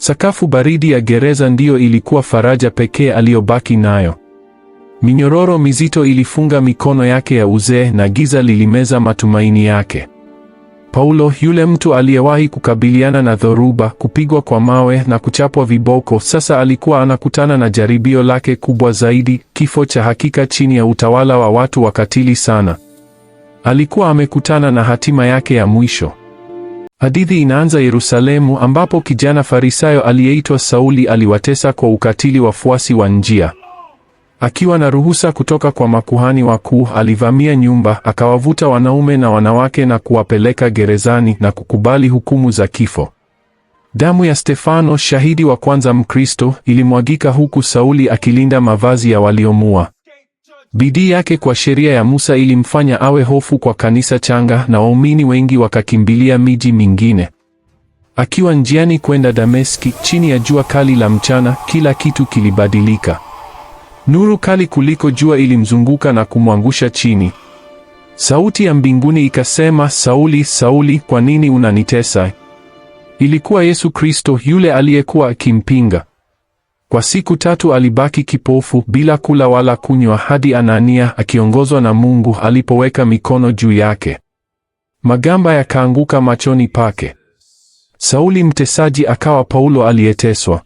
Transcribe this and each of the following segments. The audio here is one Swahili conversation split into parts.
Sakafu baridi ya gereza ndiyo ilikuwa faraja pekee aliyobaki nayo. Minyororo mizito ilifunga mikono yake ya uzee na giza lilimeza matumaini yake. Paulo, yule mtu aliyewahi kukabiliana na dhoruba, kupigwa kwa mawe na kuchapwa viboko, sasa alikuwa anakutana na jaribio lake kubwa zaidi, kifo cha hakika chini ya utawala wa watu wakatili sana. Alikuwa amekutana na hatima yake ya mwisho. Hadithi inaanza Yerusalemu ambapo kijana Farisayo aliyeitwa Sauli aliwatesa kwa ukatili wafuasi wa njia. Akiwa na ruhusa kutoka kwa makuhani wakuu, alivamia nyumba, akawavuta wanaume na wanawake na kuwapeleka gerezani na kukubali hukumu za kifo. Damu ya Stefano, shahidi wa kwanza Mkristo, ilimwagika huku Sauli akilinda mavazi ya waliomua. Bidii yake kwa sheria ya Musa ilimfanya awe hofu kwa kanisa changa na waumini wengi wakakimbilia miji mingine. Akiwa njiani kwenda Dameski, chini ya jua kali la mchana, kila kitu kilibadilika. Nuru kali kuliko jua ilimzunguka na kumwangusha chini. Sauti ya mbinguni ikasema, Sauli, Sauli, kwa nini unanitesa? Ilikuwa Yesu Kristo yule aliyekuwa akimpinga. Kwa siku tatu alibaki kipofu bila kula wala kunywa hadi Anania akiongozwa na Mungu alipoweka mikono juu yake. Magamba yakaanguka machoni pake. Sauli mtesaji akawa Paulo aliyeteswa.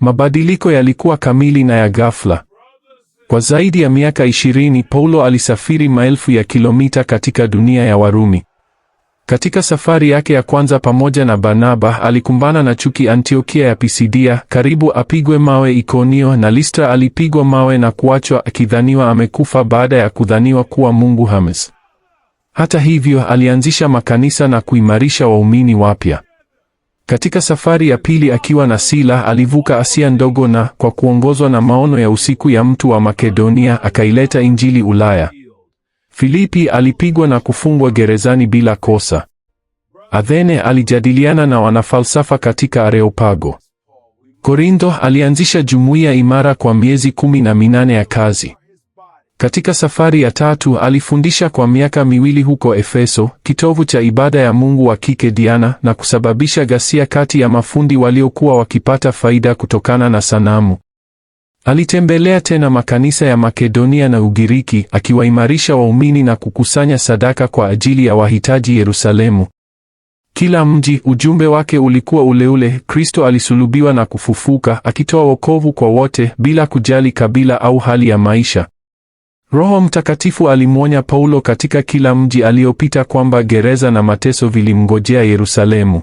Mabadiliko yalikuwa kamili na ya ghafla. Kwa zaidi ya miaka ishirini Paulo alisafiri maelfu ya kilomita katika dunia ya Warumi. Katika safari yake ya kwanza pamoja na Barnaba alikumbana na chuki Antiokia ya Pisidia, karibu apigwe mawe Ikonio, na Listra alipigwa mawe na kuachwa akidhaniwa amekufa baada ya kudhaniwa kuwa mungu Hermes. Hata hivyo, alianzisha makanisa na kuimarisha waumini wapya. Katika safari ya pili akiwa na Sila alivuka Asia ndogo na kwa kuongozwa na maono ya usiku ya mtu wa Makedonia akaileta Injili Ulaya. Filipi alipigwa na kufungwa gerezani bila kosa. Athene alijadiliana na wanafalsafa katika Areopago. Korintho alianzisha jumuiya imara kwa miezi kumi na minane ya kazi. Katika safari ya tatu alifundisha kwa miaka miwili huko Efeso, kitovu cha ibada ya Mungu wa kike Diana, na kusababisha ghasia kati ya mafundi waliokuwa wakipata faida kutokana na sanamu. Alitembelea tena makanisa ya Makedonia na Ugiriki akiwaimarisha waumini na kukusanya sadaka kwa ajili ya wahitaji Yerusalemu. Kila mji ujumbe wake ulikuwa ule ule: Kristo alisulubiwa na kufufuka, akitoa wokovu kwa wote bila kujali kabila au hali ya maisha. Roho Mtakatifu alimwonya Paulo katika kila mji aliyopita kwamba gereza na mateso vilimngojea Yerusalemu.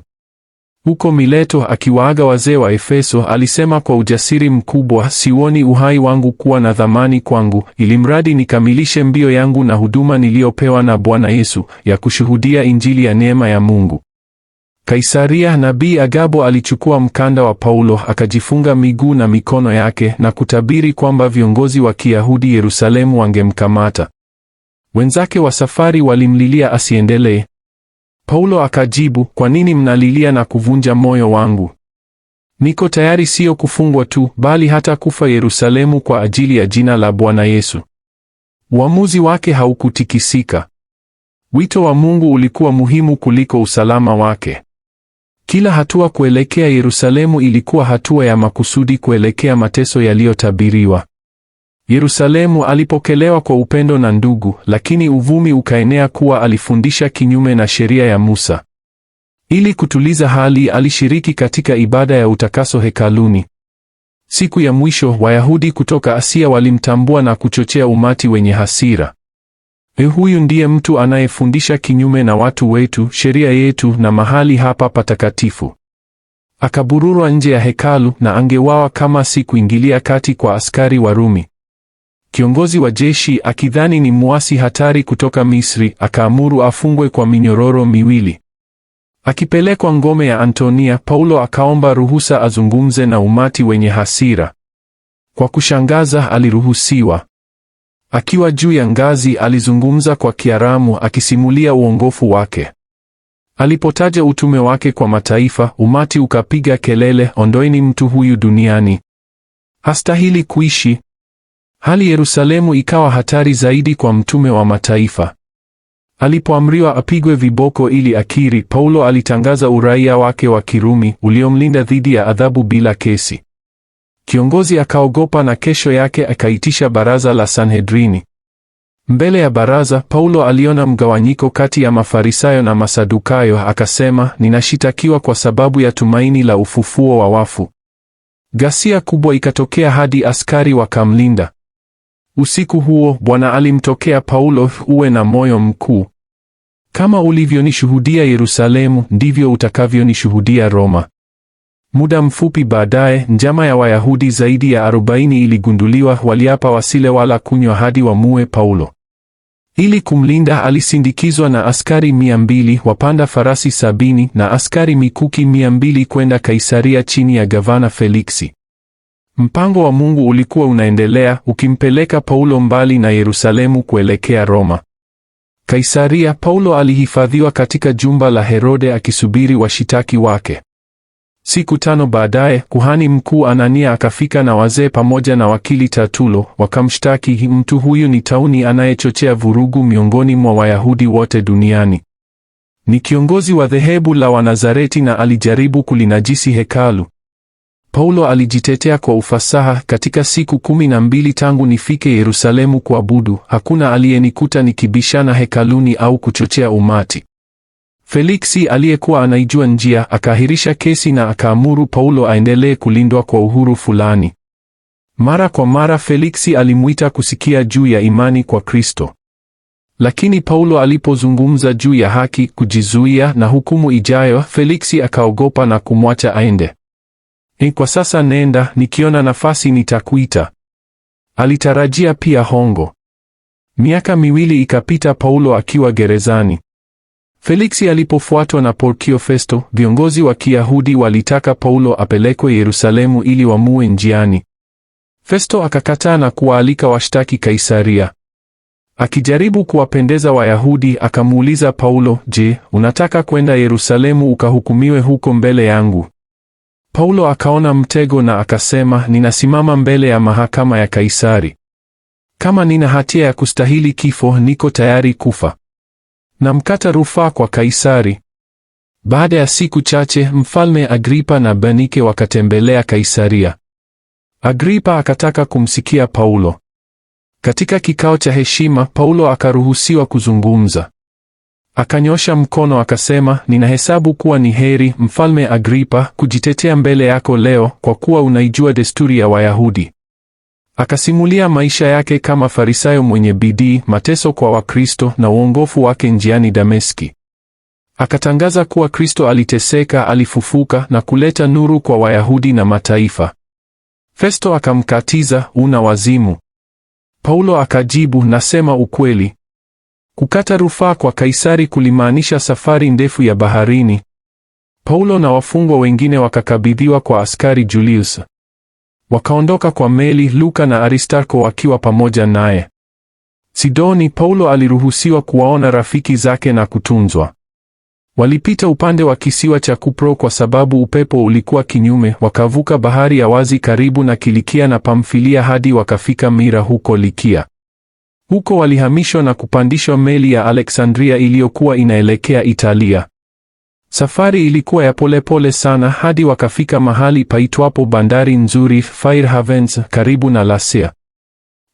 Huko Mileto akiwaaga wazee wa Efeso, alisema kwa ujasiri mkubwa, siuoni uhai wangu kuwa na dhamani kwangu, ili mradi nikamilishe mbio yangu na huduma niliyopewa na Bwana Yesu ya kushuhudia injili ya neema ya Mungu. Kaisaria, nabii Agabo alichukua mkanda wa Paulo akajifunga miguu na mikono yake na kutabiri kwamba viongozi wa Kiyahudi Yerusalemu wangemkamata. Wenzake wa safari walimlilia asiendelee, Paulo akajibu, kwa nini mnalilia na kuvunja moyo wangu? Niko tayari sio kufungwa tu, bali hata kufa Yerusalemu kwa ajili ya jina la Bwana Yesu. Uamuzi wake haukutikisika. Wito wa Mungu ulikuwa muhimu kuliko usalama wake. Kila hatua kuelekea Yerusalemu ilikuwa hatua ya makusudi kuelekea mateso yaliyotabiriwa. Yerusalemu alipokelewa kwa upendo na ndugu, lakini uvumi ukaenea kuwa alifundisha kinyume na sheria ya Musa. Ili kutuliza hali, alishiriki katika ibada ya utakaso hekaluni. Siku ya mwisho, Wayahudi kutoka Asia walimtambua na kuchochea umati wenye hasira. E, huyu ndiye mtu anayefundisha kinyume na watu wetu, sheria yetu na mahali hapa patakatifu. Akabururwa nje ya hekalu na angewawa kama si kuingilia kati kwa askari Warumi. Kiongozi wa jeshi akidhani ni muasi hatari kutoka Misri, akaamuru afungwe kwa minyororo miwili. Akipelekwa ngome ya Antonia, Paulo akaomba ruhusa azungumze na umati wenye hasira. Kwa kushangaza, aliruhusiwa. Akiwa juu ya ngazi, alizungumza kwa Kiaramu akisimulia uongofu wake. Alipotaja utume wake kwa mataifa, umati ukapiga kelele, ondoeni mtu huyu duniani, hastahili kuishi. Hali Yerusalemu ikawa hatari zaidi kwa mtume wa mataifa. Alipoamriwa apigwe viboko ili akiri, Paulo alitangaza uraia wake wa Kirumi uliomlinda dhidi ya adhabu bila kesi. Kiongozi akaogopa na kesho yake akaitisha baraza la Sanhedrini. Mbele ya baraza, Paulo aliona mgawanyiko kati ya Mafarisayo na Masadukayo, akasema, ninashitakiwa kwa sababu ya tumaini la ufufuo wa wafu. Ghasia kubwa ikatokea hadi askari wakamlinda. Usiku huo Bwana alimtokea Paulo, uwe na moyo mkuu. Kama ulivyonishuhudia Yerusalemu, ndivyo utakavyonishuhudia Roma. Muda mfupi baadaye, njama ya Wayahudi zaidi ya arobaini iligunduliwa. Waliapa wasile wala kunywa hadi wamue Paulo. Ili kumlinda, alisindikizwa na askari mia mbili, wapanda farasi sabini na askari mikuki mia mbili kwenda Kaisaria chini ya gavana Feliksi. Mpango wa Mungu ulikuwa unaendelea ukimpeleka Paulo mbali na Yerusalemu kuelekea Roma. Kaisaria, Paulo alihifadhiwa katika jumba la Herode akisubiri washitaki wake. Siku tano baadaye, kuhani mkuu Anania akafika na wazee pamoja na wakili Tatulo, wakamshtaki, mtu huyu ni tauni anayechochea vurugu miongoni mwa Wayahudi wote duniani. Ni kiongozi wa dhehebu la Wanazareti na alijaribu kulinajisi hekalu. Paulo alijitetea kwa ufasaha, katika siku kumi na mbili tangu nifike Yerusalemu kuabudu, hakuna aliyenikuta nikibishana hekaluni au kuchochea umati. Feliksi aliyekuwa anaijua njia akaahirisha kesi na akaamuru Paulo aendelee kulindwa kwa uhuru fulani. Mara kwa mara Feliksi alimwita kusikia juu ya imani kwa Kristo. Lakini Paulo alipozungumza juu ya haki, kujizuia na hukumu ijayo, Feliksi akaogopa na kumwacha aende. E, kwa sasa nenda, nikiona nafasi nitakuita. Alitarajia pia hongo. Miaka miwili ikapita, Paulo akiwa gerezani. Feliksi alipofuatwa na Porkio Festo, viongozi wa Kiyahudi walitaka Paulo apelekwe Yerusalemu ili wamue njiani. Festo akakataa na kuwaalika washtaki Kaisaria. Akijaribu kuwapendeza Wayahudi, akamuuliza Paulo, "Je, unataka kwenda Yerusalemu ukahukumiwe huko mbele yangu?" Paulo akaona mtego na akasema, ninasimama mbele ya mahakama ya Kaisari. Kama nina hatia ya kustahili kifo, niko tayari kufa. Namkata rufaa kwa Kaisari. Baada ya siku chache, mfalme Agripa na Bernike wakatembelea Kaisaria. Agripa akataka kumsikia Paulo. Katika kikao cha heshima, Paulo akaruhusiwa kuzungumza. Akanyosha mkono akasema, ninahesabu kuwa ni heri Mfalme Agripa kujitetea mbele yako leo, kwa kuwa unaijua desturi ya Wayahudi. Akasimulia maisha yake kama Farisayo mwenye bidii, mateso kwa Wakristo na uongofu wake njiani Dameski. Akatangaza kuwa Kristo aliteseka, alifufuka na kuleta nuru kwa Wayahudi na mataifa. Festo akamkatiza, una wazimu. Paulo akajibu, nasema ukweli. Kukata rufaa kwa Kaisari kulimaanisha safari ndefu ya baharini. Paulo na wafungwa wengine wakakabidhiwa kwa askari Julius. Wakaondoka kwa meli, Luka na Aristarko wakiwa pamoja naye. Sidoni, Paulo aliruhusiwa kuwaona rafiki zake na kutunzwa. Walipita upande wa kisiwa cha Kupro kwa sababu upepo ulikuwa kinyume, wakavuka bahari ya wazi karibu na Kilikia na Pamfilia hadi wakafika Mira huko Likia. Huko walihamishwa na kupandishwa meli ya Alexandria iliyokuwa inaelekea Italia. Safari ilikuwa ya polepole pole sana hadi wakafika mahali paitwapo bandari nzuri havens karibu na lasia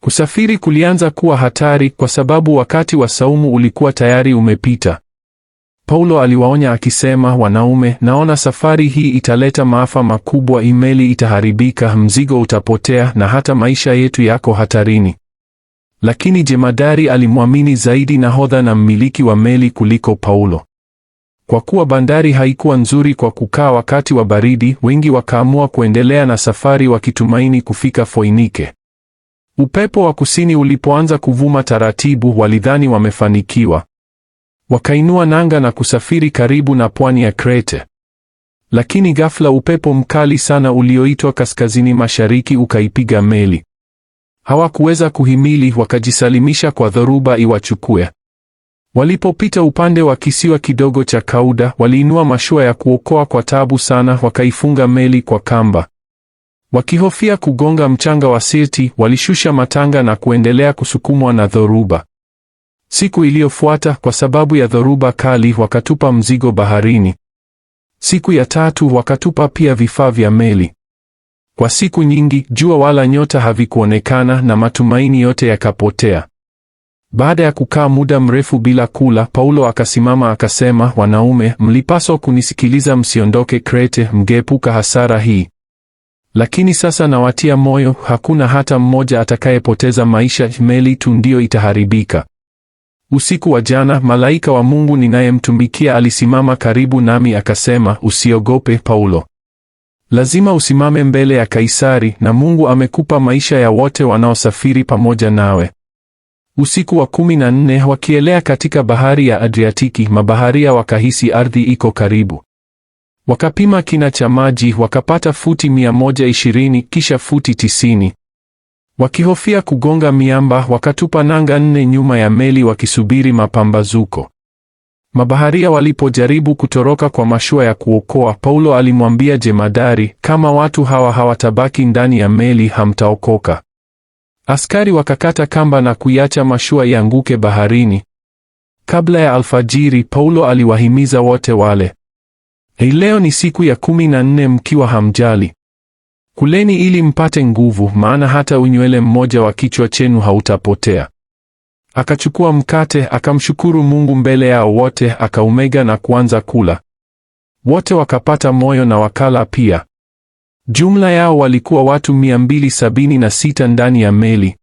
Kusafiri kulianza kuwa hatari kwa sababu wakati wa saumu ulikuwa tayari umepita. Paulo aliwaonya akisema, wanaume, naona safari hii italeta maafa makubwa, imeli itaharibika, mzigo utapotea na hata maisha yetu yako hatarini. Lakini jemadari alimwamini zaidi nahodha na mmiliki wa meli kuliko Paulo. Kwa kuwa bandari haikuwa nzuri kwa kukaa wakati wa baridi, wengi wakaamua kuendelea na safari wakitumaini kufika Foinike. Upepo wa kusini ulipoanza kuvuma taratibu, walidhani wamefanikiwa. Wakainua nanga na kusafiri karibu na pwani ya Krete. Lakini ghafla upepo mkali sana ulioitwa kaskazini mashariki ukaipiga meli. Hawakuweza kuhimili, wakajisalimisha kwa dhoruba iwachukue. Walipopita upande wa kisiwa kidogo cha Kauda, waliinua mashua ya kuokoa kwa taabu sana, wakaifunga meli kwa kamba. Wakihofia kugonga mchanga wa Sirti, walishusha matanga na kuendelea kusukumwa na dhoruba. Siku iliyofuata, kwa sababu ya dhoruba kali, wakatupa mzigo baharini. Siku ya tatu wakatupa pia vifaa vya meli. Kwa siku nyingi jua wala nyota havikuonekana na matumaini yote yakapotea. Baada ya kukaa muda mrefu bila kula, Paulo akasimama akasema, wanaume, mlipaswa kunisikiliza, msiondoke Krete, mgeepuka hasara hii. Lakini sasa nawatia moyo, hakuna hata mmoja atakayepoteza maisha, meli tu ndiyo itaharibika. Usiku wa jana, malaika wa Mungu ninayemtumikia alisimama karibu nami akasema, usiogope Paulo. Lazima usimame mbele ya Kaisari na Mungu amekupa maisha ya wote wanaosafiri pamoja nawe. Usiku wa kumi na nne wakielea katika bahari ya Adriatiki, mabaharia wakahisi ardhi iko karibu. Wakapima kina cha maji wakapata futi 120 kisha futi 90. Wakihofia kugonga miamba, wakatupa nanga nne nyuma ya meli wakisubiri mapambazuko. Mabaharia walipojaribu kutoroka kwa mashua ya kuokoa, Paulo alimwambia jemadari, kama watu hawa hawatabaki ndani ya meli hamtaokoka. Askari wakakata kamba na kuiacha mashua ianguke baharini. Kabla ya alfajiri, Paulo aliwahimiza wote wale, hii leo ni siku ya kumi na nne mkiwa hamjali. Kuleni ili mpate nguvu, maana hata unywele mmoja wa kichwa chenu hautapotea. Akachukua mkate, akamshukuru Mungu mbele yao wote, akaumega na kuanza kula. Wote wakapata moyo na wakala pia. Jumla yao walikuwa watu 276 ndani ya meli.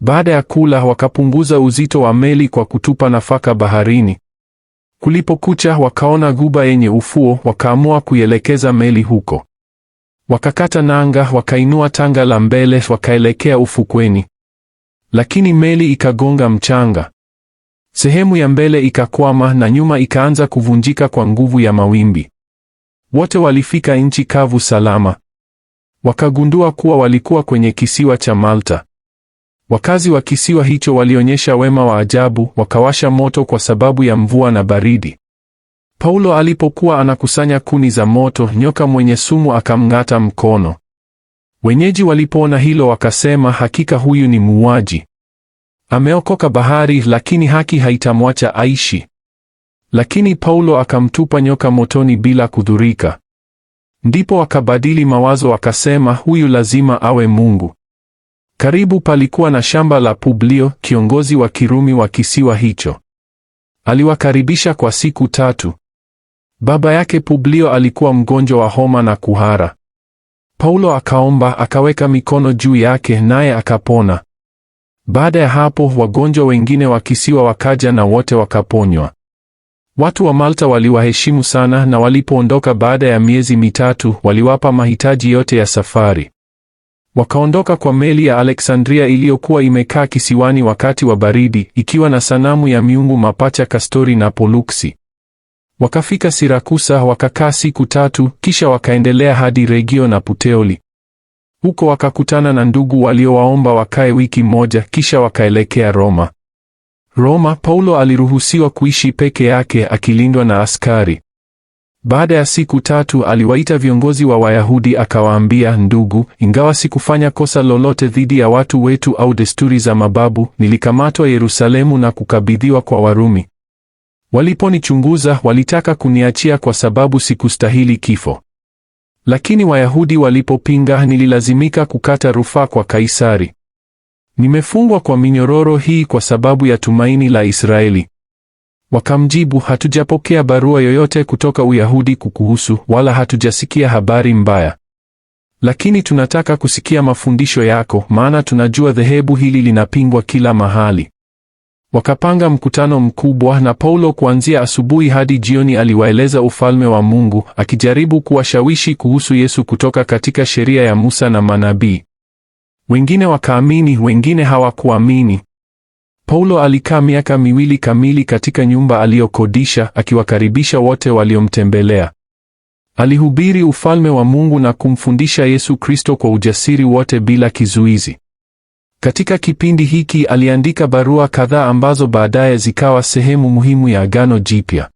Baada ya kula, wakapunguza uzito wa meli kwa kutupa nafaka baharini. Kulipokucha, wakaona guba yenye ufuo, wakaamua kuielekeza meli huko. Wakakata nanga, wakainua tanga la mbele, wakaelekea ufukweni. Lakini meli ikagonga mchanga. Sehemu ya mbele ikakwama na nyuma ikaanza kuvunjika kwa nguvu ya mawimbi. Wote walifika nchi kavu salama. Wakagundua kuwa walikuwa kwenye kisiwa cha Malta. Wakazi wa kisiwa hicho walionyesha wema wa ajabu, wakawasha moto kwa sababu ya mvua na baridi. Paulo alipokuwa anakusanya kuni za moto, nyoka mwenye sumu akamng'ata mkono. Wenyeji walipoona hilo wakasema, hakika huyu ni muuaji, ameokoka bahari, lakini haki haitamwacha aishi. Lakini Paulo akamtupa nyoka motoni bila kudhurika. Ndipo akabadili mawazo, akasema huyu lazima awe Mungu. Karibu palikuwa na shamba la Publio, kiongozi wa Kirumi wa kisiwa hicho. Aliwakaribisha kwa siku tatu. Baba yake Publio alikuwa mgonjwa wa homa na kuhara. Paulo akaomba, akaweka mikono juu yake, naye akapona. Baada ya hapo, wagonjwa wengine wa kisiwa wakaja na wote wakaponywa. Watu wa Malta waliwaheshimu sana, na walipoondoka baada ya miezi mitatu, waliwapa mahitaji yote ya safari. Wakaondoka kwa meli ya Alexandria iliyokuwa imekaa kisiwani wakati wa baridi, ikiwa na sanamu ya miungu mapacha Kastori na Poluksi. Wakafika Sirakusa wakakaa siku tatu, kisha wakaendelea hadi Regio na Puteoli. Huko wakakutana na ndugu waliowaomba wakae wiki moja, kisha wakaelekea Roma. Roma, Paulo aliruhusiwa kuishi peke yake akilindwa na askari. Baada ya siku tatu aliwaita viongozi wa Wayahudi akawaambia, ndugu, ingawa sikufanya kosa lolote dhidi ya watu wetu au desturi za mababu, nilikamatwa Yerusalemu na kukabidhiwa kwa Warumi. Waliponichunguza walitaka kuniachia kwa sababu sikustahili kifo. Lakini Wayahudi walipopinga nililazimika kukata rufaa kwa Kaisari. Nimefungwa kwa minyororo hii kwa sababu ya tumaini la Israeli. Wakamjibu, hatujapokea barua yoyote kutoka Uyahudi kukuhusu wala hatujasikia habari mbaya. Lakini tunataka kusikia mafundisho yako maana tunajua dhehebu hili linapingwa kila mahali. Wakapanga mkutano mkubwa na Paulo kuanzia asubuhi hadi jioni aliwaeleza ufalme wa Mungu, akijaribu kuwashawishi kuhusu Yesu kutoka katika sheria ya Musa na manabii. Wengine wakaamini, wengine hawakuamini. Paulo alikaa miaka miwili kamili katika nyumba aliyokodisha, akiwakaribisha wote waliomtembelea. Alihubiri ufalme wa Mungu na kumfundisha Yesu Kristo kwa ujasiri wote bila kizuizi. Katika kipindi hiki aliandika barua kadhaa ambazo baadaye zikawa sehemu muhimu ya Agano Jipya.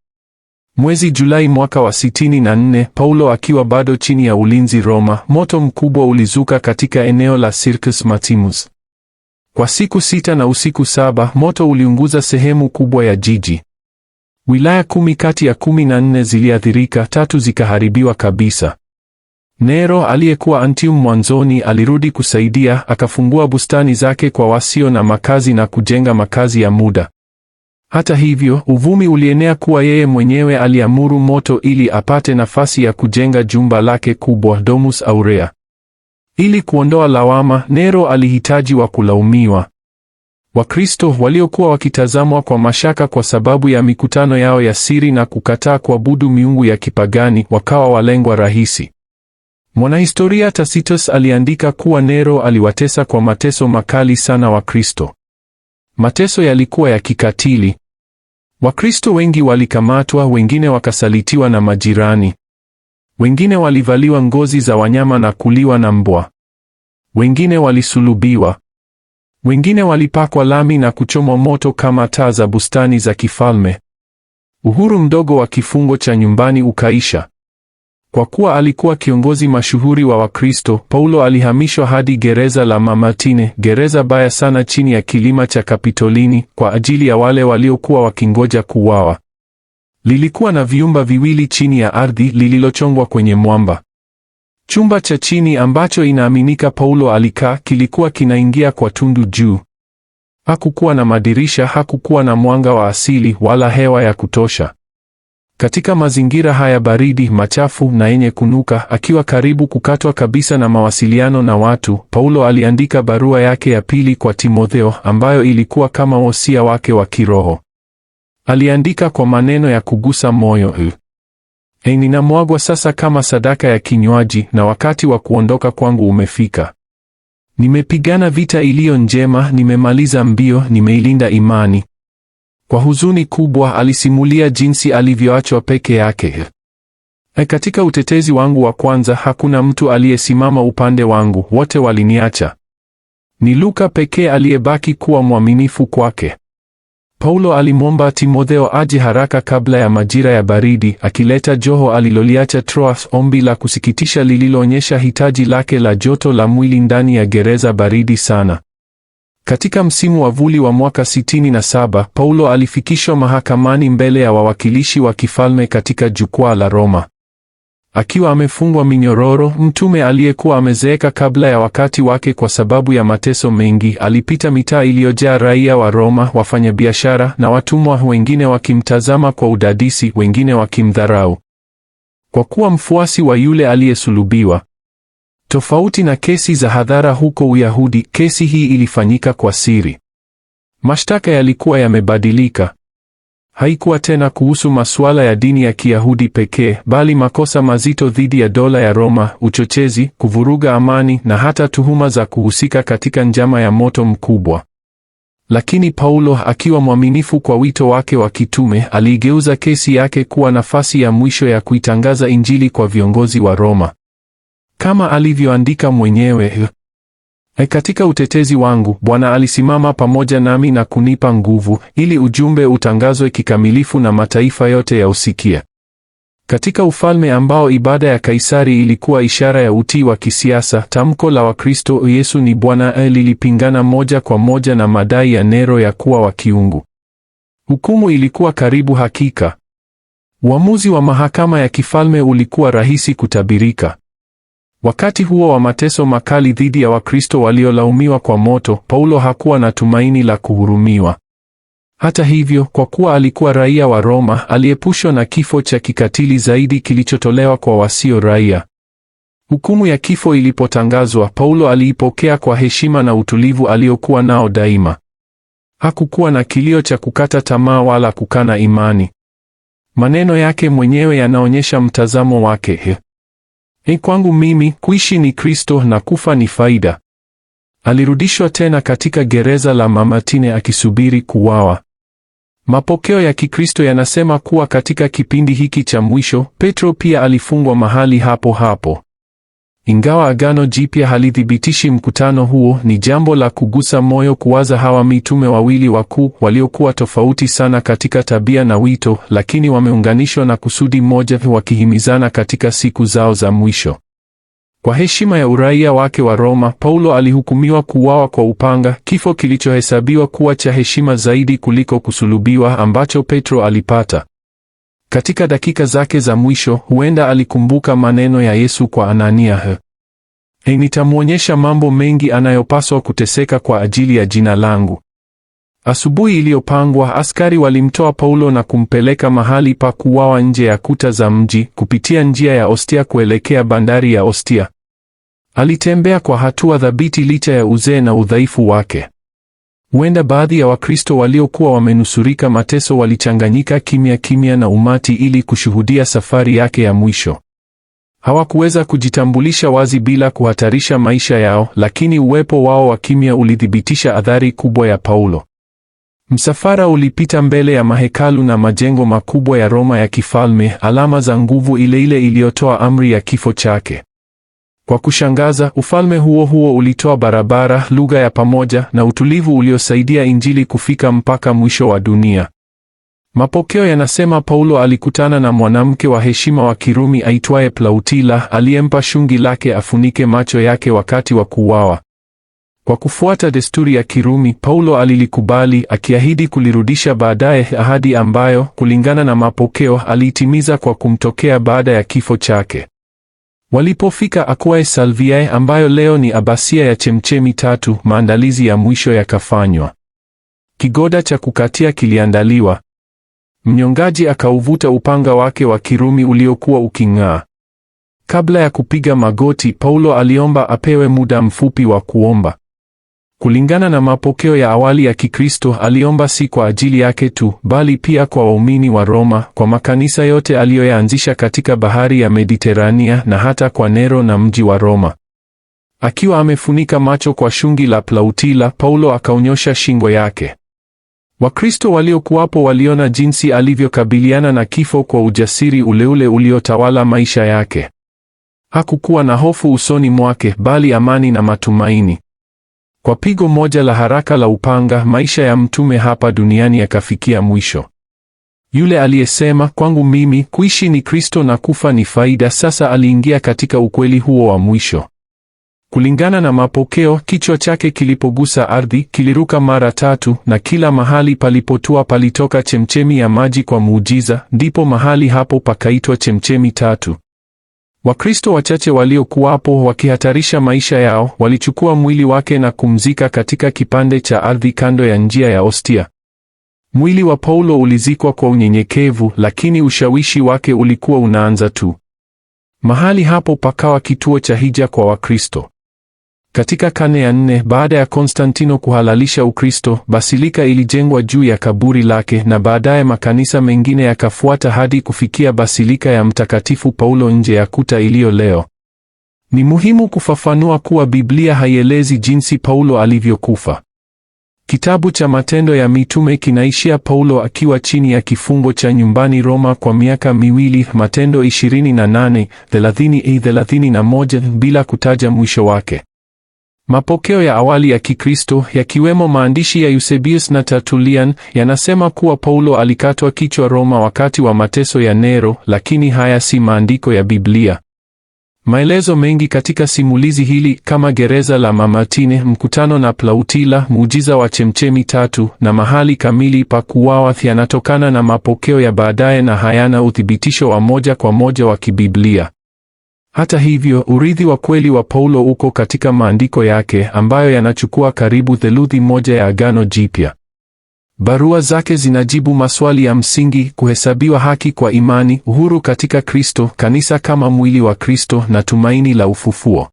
Mwezi Julai mwaka wa 64, Paulo akiwa bado chini ya ulinzi Roma, moto mkubwa ulizuka katika eneo la Circus Maximus. Kwa siku sita na usiku saba, moto uliunguza sehemu kubwa ya jiji. Wilaya kumi kati ya kumi na nne ziliathirika, tatu zikaharibiwa kabisa. Nero aliyekuwa Antium mwanzoni alirudi kusaidia, akafungua bustani zake kwa wasio na makazi na kujenga makazi ya muda. Hata hivyo, uvumi ulienea kuwa yeye mwenyewe aliamuru moto ili apate nafasi ya kujenga jumba lake kubwa Domus Aurea. Ili kuondoa lawama, Nero alihitaji wa kulaumiwa. Wakristo waliokuwa wakitazamwa kwa mashaka kwa sababu ya mikutano yao ya siri na kukataa kuabudu miungu ya kipagani wakawa walengwa rahisi. Mwanahistoria Tacitus aliandika kuwa Nero aliwatesa kwa mateso makali sana Wakristo. Mateso yalikuwa ya kikatili. Wakristo wengi walikamatwa, wengine wakasalitiwa na majirani. Wengine walivaliwa ngozi za wanyama na kuliwa na mbwa. Wengine walisulubiwa. Wengine walipakwa lami na kuchomwa moto kama taa za bustani za kifalme. Uhuru mdogo wa kifungo cha nyumbani ukaisha. Kwa kuwa alikuwa kiongozi mashuhuri wa Wakristo, Paulo alihamishwa hadi gereza la Mamatine, gereza baya sana chini ya kilima cha Kapitolini, kwa ajili ya wale waliokuwa wakingoja kuuawa. Lilikuwa na vyumba viwili chini ya ardhi lililochongwa kwenye mwamba. Chumba cha chini ambacho inaaminika Paulo alikaa kilikuwa kinaingia kwa tundu juu. Hakukuwa na madirisha, hakukuwa na mwanga wa asili wala hewa ya kutosha. Katika mazingira haya baridi, machafu na yenye kunuka, akiwa karibu kukatwa kabisa na mawasiliano na watu, Paulo aliandika barua yake ya pili kwa Timotheo ambayo ilikuwa kama wosia wake wa kiroho. Aliandika kwa maneno ya kugusa moyo. E, ninamwagwa sasa kama sadaka ya kinywaji na wakati wa kuondoka kwangu umefika. Nimepigana vita iliyo njema, nimemaliza mbio, nimeilinda imani. Kwa huzuni kubwa alisimulia jinsi alivyoachwa peke yake. E, katika utetezi wangu wa kwanza hakuna mtu aliyesimama upande wangu, wote waliniacha. Ni Luka pekee aliyebaki kuwa mwaminifu kwake. Paulo alimwomba Timotheo aje haraka kabla ya majira ya baridi, akileta joho aliloliacha Troas, ombi la kusikitisha lililoonyesha hitaji lake la joto la mwili ndani ya gereza baridi sana. Katika msimu wa vuli wa mwaka 67, Paulo alifikishwa mahakamani mbele ya wawakilishi wa kifalme katika jukwaa la Roma. Akiwa amefungwa minyororo, mtume aliyekuwa amezeeka kabla ya wakati wake kwa sababu ya mateso mengi, alipita mitaa iliyojaa raia wa Roma, wafanyabiashara na watumwa, wengine wakimtazama kwa udadisi, wengine wakimdharau kwa kuwa mfuasi wa yule aliyesulubiwa. Tofauti na kesi za hadhara huko Uyahudi, kesi hii ilifanyika kwa siri. Mashtaka yalikuwa yamebadilika. Haikuwa tena kuhusu masuala ya dini ya Kiyahudi pekee, bali makosa mazito dhidi ya dola ya Roma, uchochezi, kuvuruga amani na hata tuhuma za kuhusika katika njama ya moto mkubwa. Lakini Paulo akiwa mwaminifu kwa wito wake wa kitume, aliigeuza kesi yake kuwa nafasi ya mwisho ya kuitangaza Injili kwa viongozi wa Roma. Kama alivyoandika mwenyewe e, katika utetezi wangu Bwana alisimama pamoja nami na kunipa nguvu, ili ujumbe utangazwe kikamilifu na mataifa yote usikia Katika ufalme ambao ibada ya Kaisari ilikuwa ishara ya utii wa kisiasa, tamko la Wakristo Yesu ni Bwana eh, lilipingana moja kwa moja na madai ya Nero ya kuwa wa kiungu. Hukumu ilikuwa karibu hakika. Uamuzi wa mahakama ya kifalme ulikuwa rahisi kutabirika. Wakati huo wa mateso makali dhidi ya Wakristo waliolaumiwa kwa moto, Paulo hakuwa na tumaini la kuhurumiwa. Hata hivyo, kwa kuwa alikuwa raia wa Roma, aliepushwa na kifo cha kikatili zaidi kilichotolewa kwa wasio raia. Hukumu ya kifo ilipotangazwa, Paulo aliipokea kwa heshima na utulivu aliokuwa nao daima. Hakukuwa na kilio cha kukata tamaa wala kukana imani. Maneno yake mwenyewe yanaonyesha mtazamo wake. E, kwangu mimi kuishi ni Kristo na kufa ni faida. Alirudishwa tena katika gereza la Mamatine akisubiri kuwawa. Mapokeo ya Kikristo yanasema kuwa katika kipindi hiki cha mwisho Petro pia alifungwa mahali hapo hapo. Ingawa Agano Jipya halithibitishi mkutano huo, ni jambo la kugusa moyo kuwaza hawa mitume wawili wakuu waliokuwa tofauti sana katika tabia na wito, lakini wameunganishwa na kusudi moja, wakihimizana katika siku zao za mwisho. Kwa heshima ya uraia wake wa Roma, Paulo alihukumiwa kuuawa kwa upanga, kifo kilichohesabiwa kuwa cha heshima zaidi kuliko kusulubiwa ambacho Petro alipata. Katika dakika zake za mwisho huenda alikumbuka maneno ya Yesu kwa Anania, he, nitamwonyesha mambo mengi anayopaswa kuteseka kwa ajili ya jina langu. Asubuhi iliyopangwa, askari walimtoa Paulo na kumpeleka mahali pa kuwawa nje ya kuta za mji, kupitia njia ya Ostia kuelekea bandari ya Ostia. Alitembea kwa hatua thabiti licha ya uzee na udhaifu wake. Huenda baadhi ya Wakristo waliokuwa wamenusurika mateso walichanganyika kimya kimya na umati ili kushuhudia safari yake ya mwisho. Hawakuweza kujitambulisha wazi bila kuhatarisha maisha yao, lakini uwepo wao wa kimya ulithibitisha athari kubwa ya Paulo. Msafara ulipita mbele ya mahekalu na majengo makubwa ya Roma ya kifalme, alama za nguvu ile ile iliyotoa amri ya kifo chake. Kwa kushangaza, ufalme huo huo ulitoa barabara, lugha ya pamoja na utulivu uliosaidia Injili kufika mpaka mwisho wa dunia. Mapokeo yanasema Paulo alikutana na mwanamke wa heshima wa Kirumi aitwaye Plautila aliyempa shungi lake afunike macho yake wakati wa kuuawa. Kwa kufuata desturi ya Kirumi, Paulo alilikubali akiahidi kulirudisha baadaye, ahadi ambayo kulingana na mapokeo aliitimiza kwa kumtokea baada ya kifo chake. Walipofika Aquae Salviae ambayo leo ni abasia ya chemchemi tatu, maandalizi ya mwisho yakafanywa. Kigoda cha kukatia kiliandaliwa. Mnyongaji akauvuta upanga wake wa Kirumi uliokuwa uking'aa. Kabla ya kupiga magoti, Paulo aliomba apewe muda mfupi wa kuomba. Kulingana na mapokeo ya awali ya Kikristo, aliomba si kwa ajili yake tu, bali pia kwa waumini wa Roma, kwa makanisa yote aliyoyaanzisha katika bahari ya Mediterania na hata kwa Nero na mji wa Roma. Akiwa amefunika macho kwa shungi la Plautila, Paulo akaonyosha shingo yake. Wakristo waliokuwapo waliona jinsi alivyokabiliana na kifo kwa ujasiri uleule uliotawala maisha yake. Hakukuwa na hofu usoni mwake, bali amani na matumaini. Kwa pigo moja la haraka la upanga, maisha ya mtume hapa duniani yakafikia mwisho. Yule aliyesema kwangu mimi kuishi ni Kristo na kufa ni faida, sasa aliingia katika ukweli huo wa mwisho. Kulingana na mapokeo, kichwa chake kilipogusa ardhi kiliruka mara tatu, na kila mahali palipotua palitoka chemchemi ya maji kwa muujiza. Ndipo mahali hapo pakaitwa Chemchemi Tatu. Wakristo wachache waliokuwapo wakihatarisha maisha yao walichukua mwili wake na kumzika katika kipande cha ardhi kando ya njia ya Ostia. Mwili wa Paulo ulizikwa kwa unyenyekevu, lakini ushawishi wake ulikuwa unaanza tu. Mahali hapo pakawa kituo cha hija kwa Wakristo. Katika karne ya nne baada ya Konstantino kuhalalisha Ukristo, basilika ilijengwa juu ya kaburi lake na baadaye makanisa mengine yakafuata hadi kufikia basilika ya Mtakatifu Paulo nje ya kuta iliyo leo. Ni muhimu kufafanua kuwa Biblia haielezi jinsi Paulo alivyokufa. Kitabu cha Matendo ya Mitume kinaishia Paulo akiwa chini ya kifungo cha nyumbani Roma kwa miaka miwili, Matendo 28:30-31 bila kutaja mwisho wake. Mapokeo ya awali ya Kikristo yakiwemo maandishi ya Eusebius na Tertullian yanasema kuwa Paulo alikatwa kichwa Roma wakati wa mateso ya Nero, lakini haya si maandiko ya Biblia. Maelezo mengi katika simulizi hili kama gereza la Mamatine, mkutano na Plautila, muujiza wa chemchemi tatu na mahali kamili pa kuuawa yanatokana na mapokeo ya baadaye na hayana uthibitisho wa moja kwa moja wa kibiblia. Hata hivyo, urithi wa kweli wa Paulo uko katika maandiko yake ambayo yanachukua karibu theluthi moja ya Agano Jipya. Barua zake zinajibu maswali ya msingi: kuhesabiwa haki kwa imani, uhuru katika Kristo, kanisa kama mwili wa Kristo na tumaini la ufufuo.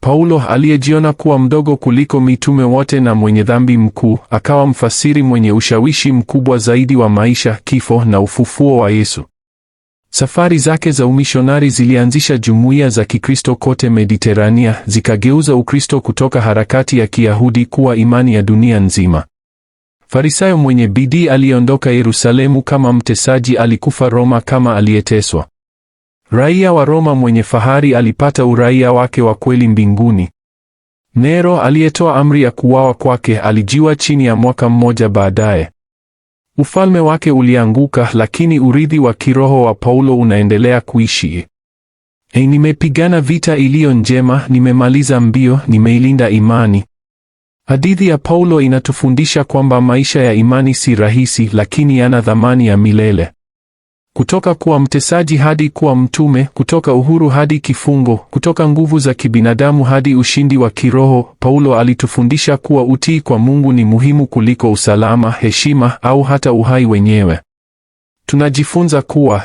Paulo aliyejiona kuwa mdogo kuliko mitume wote na mwenye dhambi mkuu, akawa mfasiri mwenye ushawishi mkubwa zaidi wa maisha, kifo na ufufuo wa Yesu. Safari zake za umishonari zilianzisha jumuiya za Kikristo kote Mediterania, zikageuza Ukristo kutoka harakati ya Kiyahudi kuwa imani ya dunia nzima. Farisayo mwenye bidii aliondoka Yerusalemu kama mtesaji, alikufa Roma kama aliyeteswa. Raia wa Roma mwenye fahari alipata uraia wake wa kweli mbinguni. Nero aliyetoa amri ya kuwawa kwake alijiwa chini ya mwaka mmoja baadaye. Ufalme wake ulianguka, lakini urithi wa kiroho wa Paulo unaendelea kuishi. E, nimepigana vita iliyo njema, nimemaliza mbio, nimeilinda imani. Hadithi ya Paulo inatufundisha kwamba maisha ya imani si rahisi, lakini yana thamani ya milele kutoka kuwa mtesaji hadi kuwa mtume, kutoka uhuru hadi kifungo, kutoka nguvu za kibinadamu hadi ushindi wa kiroho. Paulo alitufundisha kuwa utii kwa Mungu ni muhimu kuliko usalama, heshima au hata uhai wenyewe. Tunajifunza kuwa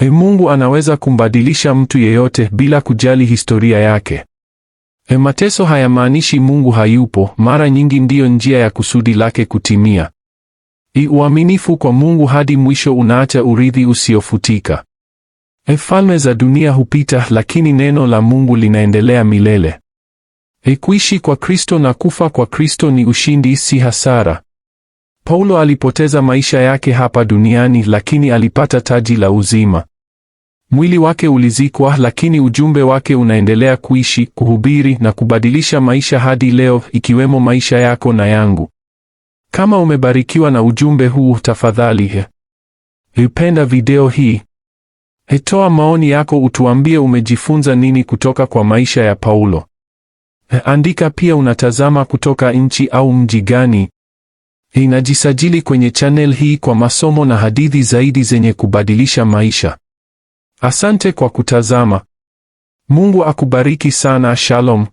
e, Mungu anaweza kumbadilisha mtu yeyote bila kujali historia yake. E, mateso hayamaanishi Mungu hayupo, mara nyingi ndiyo njia ya kusudi lake kutimia. I uaminifu kwa Mungu hadi mwisho unaacha urithi usiofutika. E, falme za dunia hupita, lakini neno la Mungu linaendelea milele. E, kuishi kwa Kristo na kufa kwa Kristo ni ushindi, si hasara. Paulo alipoteza maisha yake hapa duniani, lakini alipata taji la uzima. Mwili wake ulizikwa, lakini ujumbe wake unaendelea kuishi, kuhubiri na kubadilisha maisha hadi leo, ikiwemo maisha yako na yangu. Kama umebarikiwa na ujumbe huu, tafadhali lipenda video hii, toa maoni yako, utuambie umejifunza nini kutoka kwa maisha ya Paulo. Andika pia unatazama kutoka nchi au mji gani. Inajisajili kwenye channel hii kwa masomo na hadithi zaidi zenye kubadilisha maisha. Asante kwa kutazama. Mungu akubariki sana. Shalom.